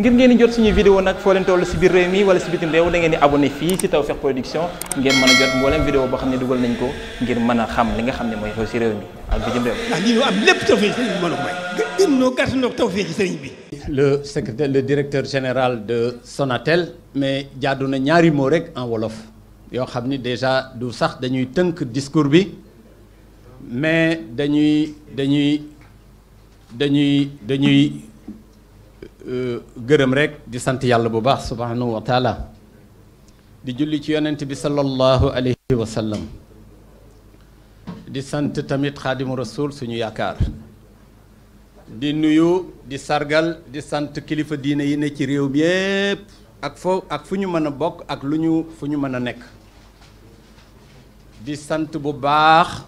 ngir ngeen di jot suñu vidéo nag foo leen toll si biir réew mi wala si bitim réew da di abonné fii si Tawfekh Production ngeen mën a jot mboolem vidéo boo xam ne dugal nañ ko ngir mën a xam li nga xam ne mooy xew si réew mi ak bitim réew. ndax lii ñu am lépp tawfeex sëriñ sëriñ bi. le secrétaire le directeur général de Sonatel mais jaadu na ñaari moo rek en wolof yoo xam ni déjà du sax dañuy tënk discours bi mais dañuy dañuy dañuy dañuy. Euh, gërëm rek di sant yàlla bu baax subhanahu wa di julli ci yonent bi sallallahu alayhi wa di sant tamit xaadimu rasul suñu yaakaar di nuyu di sargal di sant kilifa diine yi ne ci réew bi yépp ak foo ak fu ñu mën a bokk ak lu ñu fu ñu mën a nekk di sant bu baax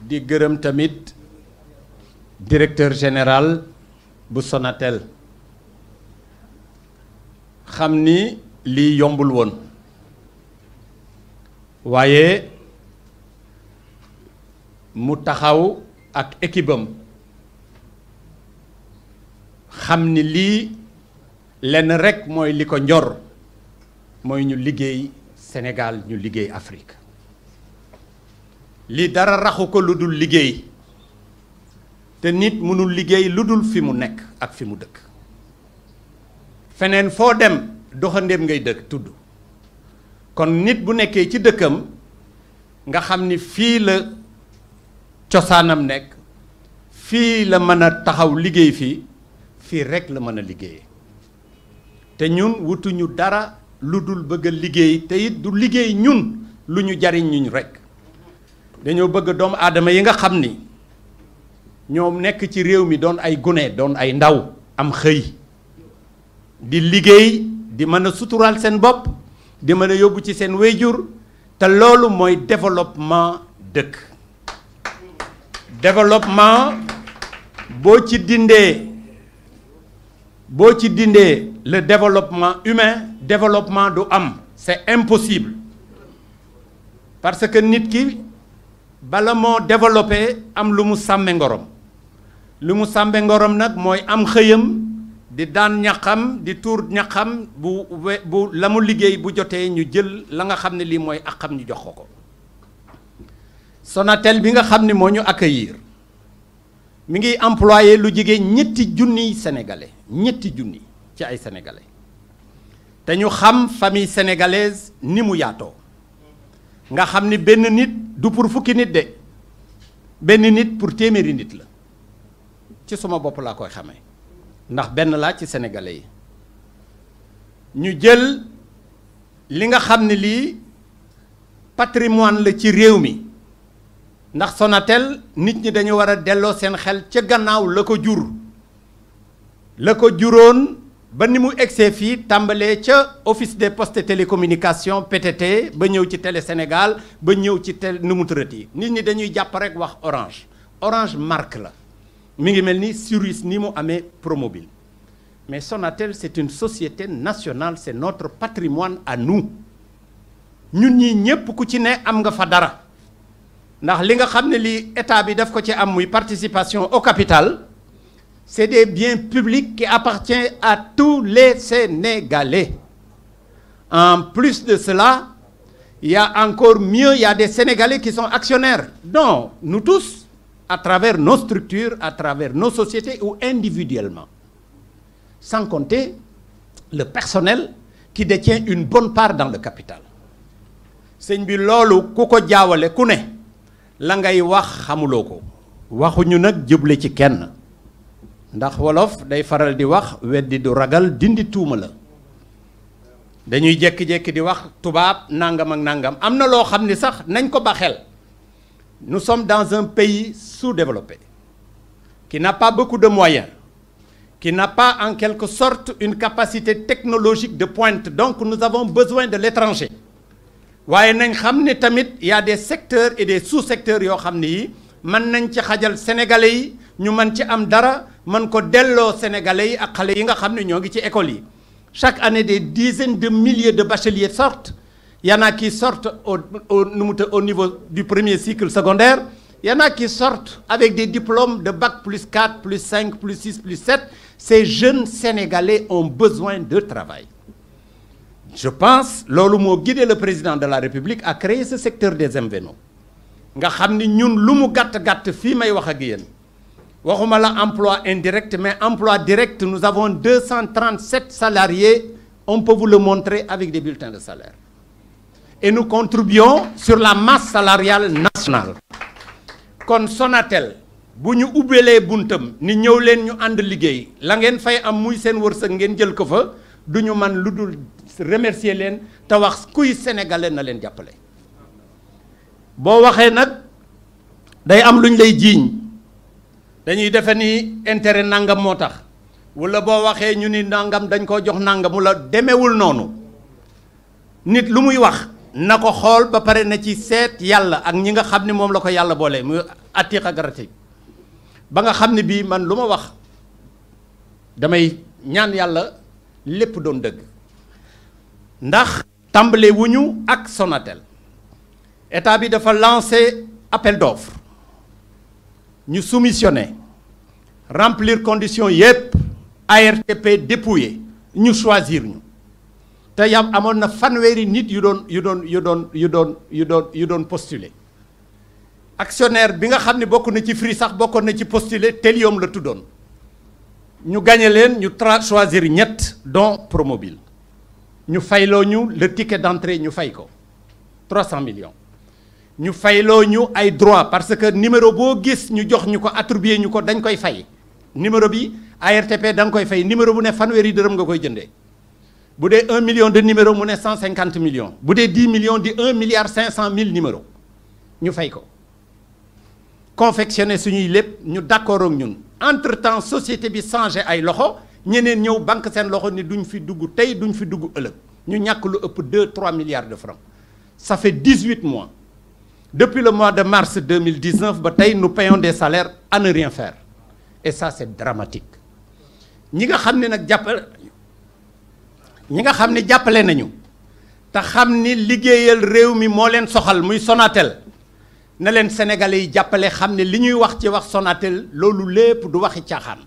di gërëm tamit directeur général bu Sonatel xam ni lii yombul woon waaye mu taxaw ak équipe xam ni lii lenn rekk mooy li ko njor mooy ñu liggéey senegal ñu liggéey Afrique lii dara raxu ko lu dul liggéey te nit mënul liggéey lu dul fi mu nekk ak fi mu dëkk feneen foo dem doxandéem ngay dëkk tudd kon nit bu nekkee ci dëkkam nga xam ni fii la cosaanam nekk fii la mën a taxaw liggéey fii fii rekk la mën a liggéey te ñun wutuñu dara lu dul bëgg liggéey te it du liggéey ñun lu ñu jariñ rekk dañoo bëgg doomu aadama yi nga xam ni ñoom nekk ci réew mi doon ay gune doon ay ndaw am xëy di liggéey di mën a suturaal seen bopp di mën a yóbbu ci seen wéyjur te loolu mooy développement dëkk développement boo ci dindee boo ci dindee le développement humain développement du am c'est impossible parce que nit ki bala moo développé am lu mu sàmme ngorom li mu sàmbe ngorom nag mooy am xëyam di daan ñaxam di tuur ñaxam bu bu la mu liggéey bu jotee ñu jël la nga xam ne lii mooy àqam ñu jox ko ko Sonatel bi nga xam ni moo ñu accueillir mu ngi employé lu jege ñetti junniy sénégalais ñetti junni ci ay sénégalais te ñu xam famille sénégalaise ni mu yaatoo nga xam ni benn nit du pour fukki nit de benn nit pour téeméeri nit la ci suma bopp laa koy xamee ndax benn laa ci sénégalais yi ñu jël li nga xam ne lii patrimoine la ci réew mi ndax Sonatel nit ñi dañu war a delloo seen xel ca gannaaw la ko jur la ko juróon ba ni mu egsee fii tàmbalee ca office des postes et télécommunications PTT ba ñëw ci Télé Sénégal ba ñëw ci tel nu mu tërët yi nit ñi dañuy jàpp rekk wax Orange Orange marque la mi ngi mel ni Cirrus nii mu amee Promobil mais Sonatel c'est une société nationale c'est notre patrimoine à nu ñun ñii ñépp ku ci ne am nga fa dara ndax li nga xam ne li état bi def ko ci am muy participation au capitale c'est des biens publics qui appartiennent à tous les Sénégalais en plus de cela ya encore mieux il des Sénégalais qui sont actionnaires donc nous tous à travers nos structures, à travers nos sociétés ou individuellement. Sans compter le personnel qui détient une bonne part dans le capital. sëñ bi loolu ku ko jaawale ku ne la ngay wax xamuloo ko waxuñu nag jëble ci kenn ndax wolof day faral di wax weddi du ragal dindi tuuma la dañuy jékki-jékki di wax tubaab nangam ak nangam am na loo xam ni sax nañ ko ba xel nous sommes dans un pays sous-développé, qui n'a pas beaucoup de moyens, qui n'a pas en quelque sorte une capacité technologique de pointe. Donc nous avons besoin de l'étranger. waaye nañ xam ne tamit y des secteurs et des sous-secteurs yoo xam ni yi mën nañ ci xajal sénégalais yi ñu mën ci am dara man ko delloo sénégalais yi ak xale yi nga xam ne ñoo ngi ci école yi chaque année des dizaines de milliers de bacheliers sortent Il ki en a qui sortent au, au, au, niveau du premier cycle secondaire. Il ki sorte avec des diplômes de bac plus 4, plus 5, plus 6, plus 7. Ces jeunes Sénégalais ont besoin de travail. Je pense, loolu moo guidé le président de la République à créer ce secteur des MVNO. Nous savons que nous avons emploi indirect, mais emploi direct, nous avons 237 salariés. On peut vous le montrer avec des bulletins de salaire. et nous contribuons sur la masse salariale nationale kon Sonatel bu ñu ubbeelee buntam ni ñëw leen ñu ànd liggéey la ngeen fay am muy seen wërsëg ngeen jël ko fa du ñu man lu dul remercier leen te wax kuy sénégalais na leen jàppale boo waxee nag day am lu ñu lay jiiñ dañuy defe ni intérêt nangam moo tax wala boo waxee ñu ni nangam dañ koo jox nangam wala demewul noonu nit lu muy wax na ko xool ba pare na ci seet yàlla ak ñi nga xam ne moom la ko yàlla boole muy atiq ak ratib ba nga xam ne bii man lu ma wax damay ñaan yàlla lépp doon dëgg ndax tàmbale wuñu ak Sonatel état bi dafa lancé appel d'offre ñu soumissionné remplir conditions yépp ARTP dépouillé ñu choisir ñu te yam amoon na fanweeri nit yu doon yu doon yu doon yu doon yu doon yu doon postuler actionnaire bi nga xam ne bokk na ci Free sax bokkoon na ci postuler Telium la tuddoon ñu gagné leen ñu tra choisir ñett don Promobil ñu fayloo ñu le ticket d'entrée ñu fay ko 300 million ñu fayloo ñu ay droit parce que numéro boo gis ñu jox ñu ko attribué ñu ko dañ koy fay numéro bi ARTP da nga koy fay numéro bu ne fanweeri dërëm nga koy jëndee bu dee 1 million de numéro mu ne 150 millions bu dee 10 millions di 1 milliard 500 mille numéro ñu fay ko confectionner suñuy lépp ñu d'accord ak ñun entre temps société bi changé ay loxo ñeneen ñëw banque seen loxo ni duñ fi dugg tey duñ fi dugg ëllëg ñu ñàkk lu ëpp deux 3 milliards de francs ça fait 18 mois depuis le mois de mars 2019 ba tey nous payons des salaires à ne rien faire et ça c'est dramatique ñi nga xam ne nag jàppal ñi nga xam ne jàppale nañu te xam ni liggéeyal réew mi moo leen soxal muy Sonatel na leen sénégalais yi jàppale xam ne li ñuy wax ci wax Sonatel loolu lépp du waxi caaxaan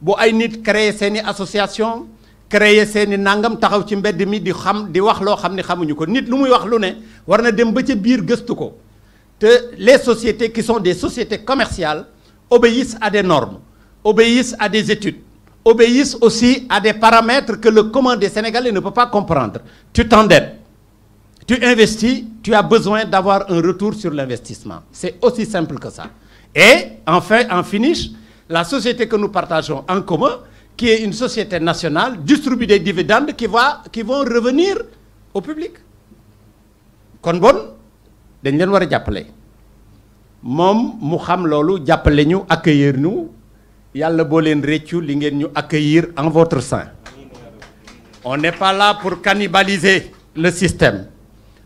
bu ay nit créer seeni association créer seeni nangam taxaw ci mbedd mi di xam di wax loo xam ne xamuñu ko nit lu muy wax lu ne war na dem ba ca biir gëstu ko te les sociétés qui sont des sociétés commerciales obéissent à des normes obéissent à des études obéissent aussi à des paramètres que le commun des Sénégalais ne peut pas comprendre. Tu t'endettes, tu investis, tu as besoin d'avoir un retour sur l'investissement. C'est aussi simple que ça. Et enfin, en finish, la société que nous partageons en commun, qui est une société nationale, distribue des dividendes qui, va, qui vont revenir au public. kon bon dañ leen war a jàppale moom mu xam loolu jàppale ñu accueillir ñu yàlla boo leen réccu li ngeen ñu accueillir en votre sein on n'est pas là pour cannibaliser le système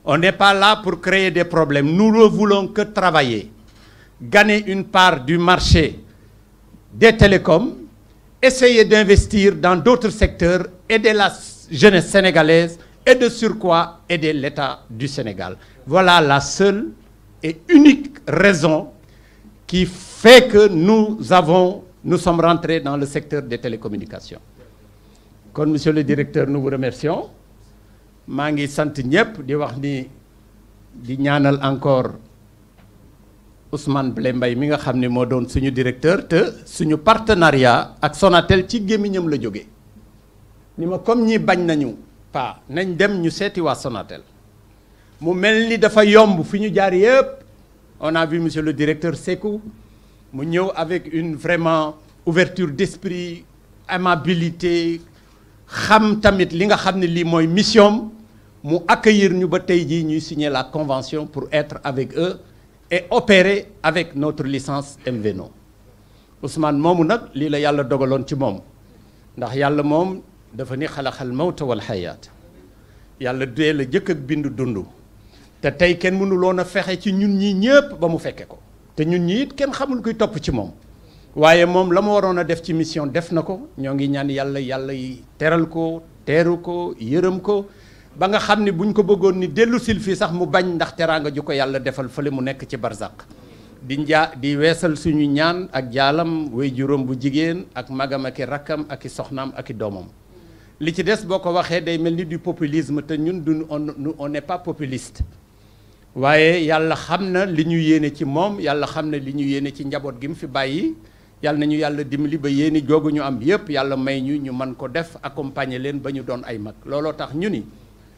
on n'est pas là pour créer des problèmes nous ne voulons que travailler gagner une part du marché des télécoms essayer d'investir dans d'autres secteurs aider la jeunesse sénégalaise et de surcroît aider l'État du Sénégal voilà la seule et unique raison qui fait que nous avons nous sommes rentrés dans le secteur des télécommunications kon monsieur le directeur nous vous remercions maa ngi sant ñëpp di wax ni di ñaanal encore Ousmane Blé mbay mi nga xam ne moo doon suñu directeur te suñu partenariat ak Sonatel ci gémmiñam la jóge ni ma comme ñi bañ nañu pa nañ dem ñu seeti waa Sonatel mu mel ni dafa yomb fi ñu jaar yëpp on a vu monsieur le directeur Sekou mu ñëw avec une vraiment ouverture d'esprit amabilité xam tamit li nga xam ne lii mooy mission mu accueillir ñu ba tey jii ñuy signer la convention pour être avec eux et opérer avec notre licence MVNO Ousmane moomu nag lii la yàlla dogaloon ci moom ndax yàlla moom dafa ni xalaxal mawta wal xayaat yàlla dee a jëkk ak bindu dund te tey kenn mënuloon a fexe ci ñun ñi ñëpp ba mu fekke ko te ñun ñi it kenn xamul kuy topp ci moom waaye moom la mu waroon a def ci mission def na ko ñoo ngi ñaan yàlla yàlla yi teral ko teeru ko yërëm ko ba nga xam ni buñ ko bëggoon ni dellu sil fii sax mu bañ ndax teraanga ju ko yàlla defal fa li mu nekk ci barzak di njaa di weesal suñu ñaan ak jaalam we juróom bu jigéen ak magam ak rakkam aki i soxnaam ak doomam li ci des boo ko waxee day mel ni du populisme te ñun duñu on on n'est pas waaye yàlla xam na li ñu yéene ci moom yàlla xam na li ñu yéene ci njaboot gi mu fi bàyyi yàlla nañu yàlla dimbali ba yéene joogu ñu am yépp yàlla may ñu ñu man ko def accompagner leen ba ñu doon ay mag looloo tax ñu ni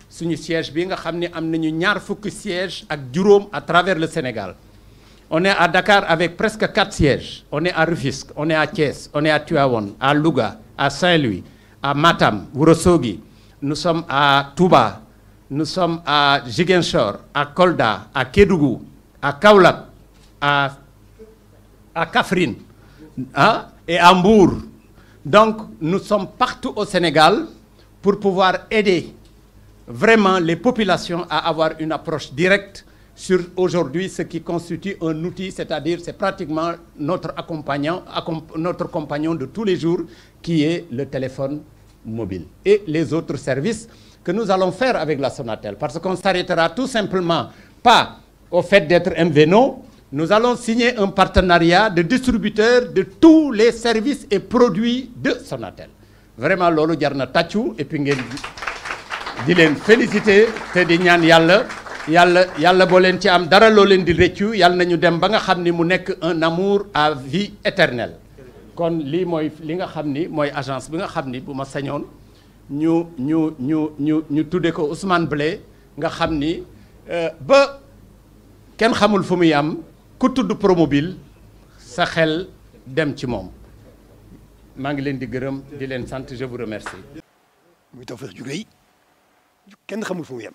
suñu siège bi nga xam ni am nañu ñaar fukki siège ak juróom à travers le Sénégal on est à Dakar avec presque quatre sièges on est à Rufisque on est à Thiès on est à Tivaouane Louga à Saint-Louis à Matam Ourossogui nous sommes à Touba nous sommes à Ziguinchor, à Kolda, à Kédougou, à Kaulak, à, à Kafrine hein, et à Mbour. Donc nous sommes partout au Sénégal pour pouvoir aider vraiment les populations à avoir une approche directe sur aujourd'hui ce qui constitue un outil, c'est-à-dire c'est pratiquement notre accompagnant, notre compagnon de tous les jours qui est le téléphone mobile et les autres services que nous allons faire avec la Sonatel. Parce qu'on s'arrêtera tout simplement pas au fait d'être MVNO, nous allons signer un partenariat de distributeurs de tous les services et produits de Sonatel. Vraiment loolu jar na tàccu et puis ngeen di leen féliciter te di ñaan yàlla yàlla yàlla boo leen ci am dara loo leen di rëccu yàlla nañu dem ba nga xam ni mu nekk un amour à vie éternelle. kon lii mooy li nga xam ni mooy agence bi nga xam ni bu ma sañoon ñu ñu ñu ñu ñu tudde ko Ousmane Blé nga xam ni euh, ba kenn xamul fa muy am ku tudd Promobile sa xel dem ci moom maa ngi leen di gërëm di leen sant je vous remercie. muy Tawfekh ju rëy kenn xamul fu mu yem.